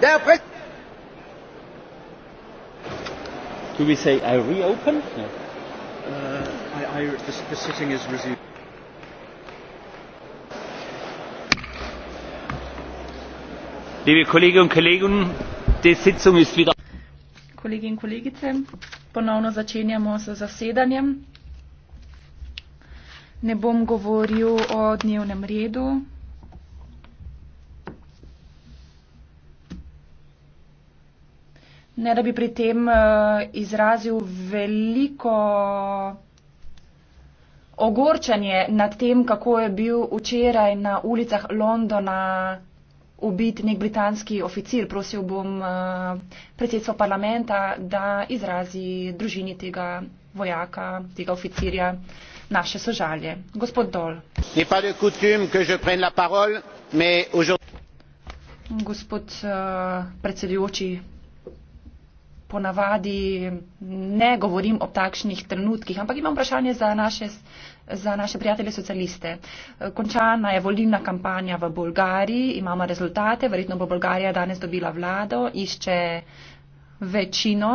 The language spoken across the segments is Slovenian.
D'après. Do we say I reopen? No. Uh, I, I, the, the sitting is resumed. Liebe Kolleginnen und Kollegen, die Sitzung ist wieder. Kolegi in kolegice, ponovno začenjamo z zasedanjem. Ne bom govoril o dnevnem redu, Ne da bi pri tem uh, izrazil veliko ogorčanje nad tem, kako je bil včeraj na ulicah Londona ubit nek britanski oficir. Prosil bom uh, predsedstvo parlamenta, da izrazi družini tega vojaka, tega oficirja naše sožalje. Gospod Dol. Gospod uh, predsedujoči, ponavadi ne govorim o takšnih trenutkih, ampak imam vprašanje za naše, za naše prijatelje socialiste. Končana je volilna kampanja v Bolgariji, imamo rezultate, verjetno bo Bolgarija danes dobila vlado, išče večino.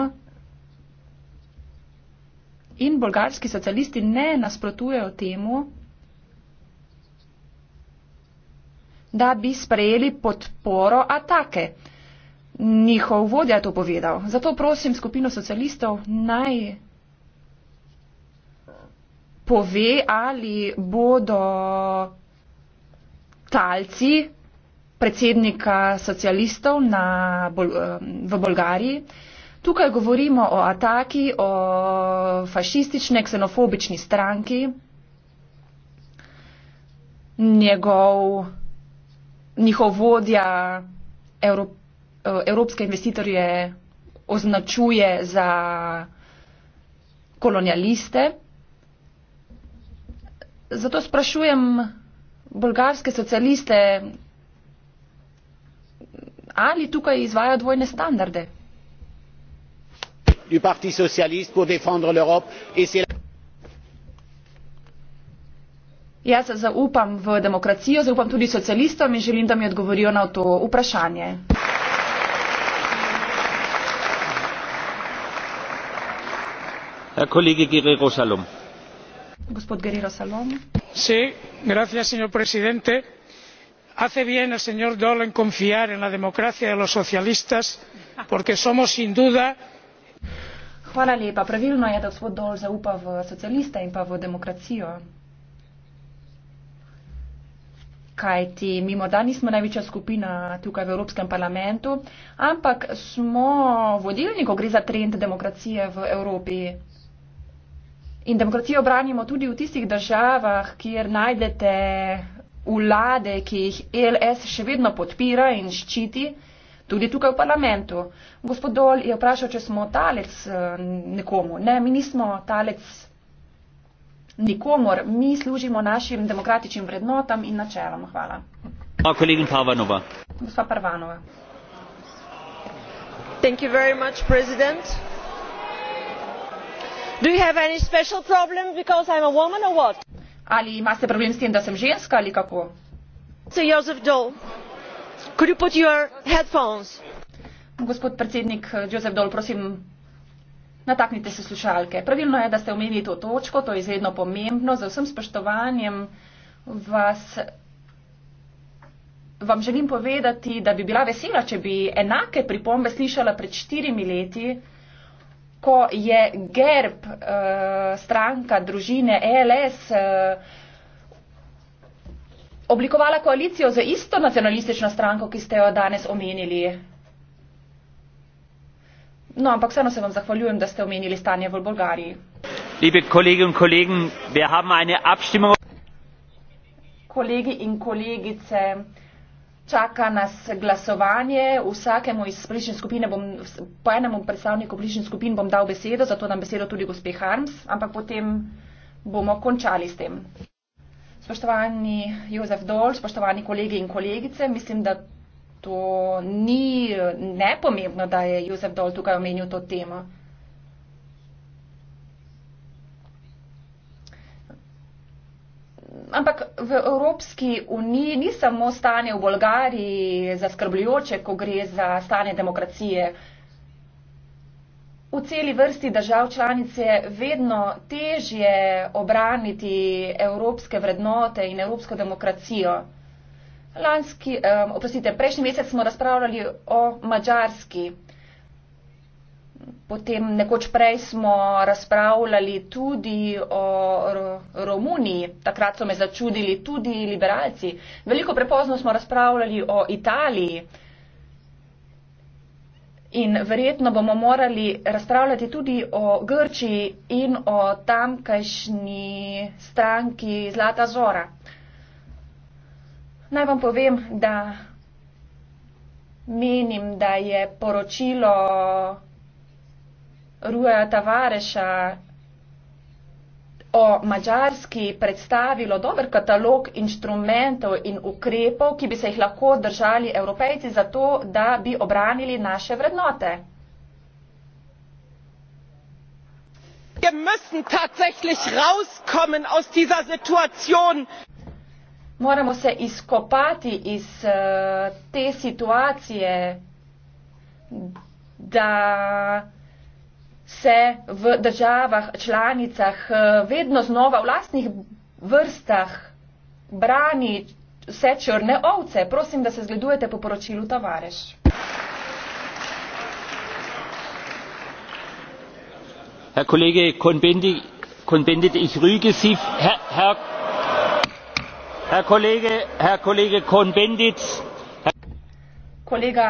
In bolgarski socialisti ne nasprotujejo temu, da bi sprejeli podporo atake njihov vodja to povedal. Zato prosim skupino socialistov naj pove, ali bodo talci predsednika socialistov na, eh, v Bolgariji. Tukaj govorimo o ataki, o fašistične, ksenofobični stranki. Njegov, njihov vodja Evropa. Eh, evropske investitorje označuje za kolonialiste. Zato sprašujem bolgarske socialiste, ali tukaj izvajajo dvojne standarde. Jaz zaupam v demokracijo, zaupam tudi socialistom in želim, da mi odgovorijo na to vprašanje. señor presidente hace bien el señor daul en confiar en la democracia de los socialistas porque somos sin duda kajti mi morda nismo največja skupina tukaj v Evropskem parlamentu, ampak smo vodilni, ko gre za trend demokracije v Evropi. In demokracijo branimo tudi v tistih državah, kjer najdete vlade, ki jih e LS še vedno podpira in ščiti, tudi tukaj v parlamentu. Gospod Dol je vprašal, če smo talec eh, nekomu. Ne, mi nismo talec nikomor, mi služimo našim demokratičnim vrednotam in načelom. Hvala. Hvala, kolegin Pavanova. Gospa Parvanova. Thank you very much, President ali imate problem s tem da sem ženska ali kako gospod predsednik eh, joseph doll prosim nataknite se slušalke pravilno je da ste omenili to točko to je izredno pomembno z vsem spoštovanjem vas vam želim povedati da bi bila vesela če bi enake pripombe slišala pred štirimi leti ko je gerb uh, stranka družine ELS uh, eh, oblikovala koalicijo za isto nacionalistično stranko, ki ste jo danes omenili. No, ampak vseeno se vam zahvaljujem, da ste omenili stanje v Bolgariji. Kolegi in kolegice, čaka nas glasovanje. Vsakemu iz bližnje skupine, bom, po enemu predstavniku bližnjih skupin bom dal besedo, zato dam besedo tudi gospe Harms, ampak potem bomo končali s tem. Spoštovani Jozef Dol, spoštovani kolegi in kolegice, mislim, da to ni nepomembno, da je Jozef Dol tukaj omenil to temo. ampak v Evropski uniji ni samo stanje v Bolgariji zaskrbljujoče, ko gre za stanje demokracije. V celi vrsti držav članice je vedno težje obraniti evropske vrednote in evropsko demokracijo. Lanski, um, oprostite, prejšnji mesec smo razpravljali o Mačarski. Potem nekoč prej smo razpravljali tudi o Romuniji, takrat so me začudili tudi liberalci. Veliko prepozno smo razpravljali o Italiji in verjetno bomo morali razpravljati tudi o Grčiji in o tamkajšnji stranki Zlata Zora. Naj vam povem, da menim, da je poročilo. Ruja Tavareša o Mađarski predstavilo dober katalog inštrumentov in ukrepov, ki bi se jih lahko držali evropejci za to, da bi obranili naše vrednote. Wir müssen tatsächlich rauskommen aus dieser Situation. Moramo se izkopati iz uh, te situacije, da se v državah, članicah eh, vedno znova v lastnih vrstah brani vse črne ovce. Prosim, da se zgledujete po poročilu Tavareš. Herr Kollege Kohn-Bendit, ich rüge Sie, Herr, Herr, Herr Kollege, Herr Kollege Kohn-Bendit. Kollege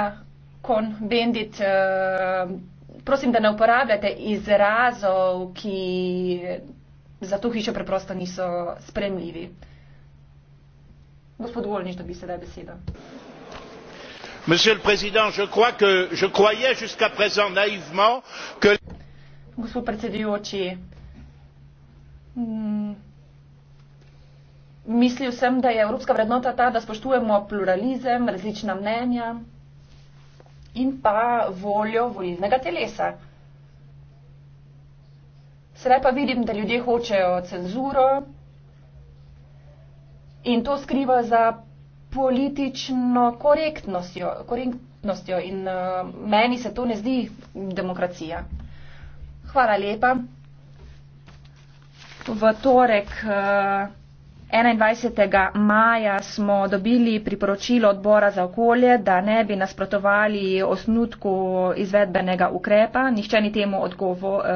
Kohn-Bendit, äh, eh, prosim, da ne uporabljate izrazov, ki za to hišo preprosto niso spremljivi. Gospod Volnič, da bi se daj besedo. Gospod predsedujoči, mm, mislil sem, da je evropska vrednota ta, da spoštujemo pluralizem, različna mnenja in pa voljo volilnega telesa. Sedaj pa vidim, da ljudje hočejo cenzuro in to skriva za politično korektnostjo, korektnostjo in uh, meni se to ne zdi demokracija. Hvala lepa. V torek. Uh, 21. maja smo dobili priporočilo odbora za okolje, da ne bi nasprotovali osnutku izvedbenega ukrepa. Nihče ni temu odgovoril.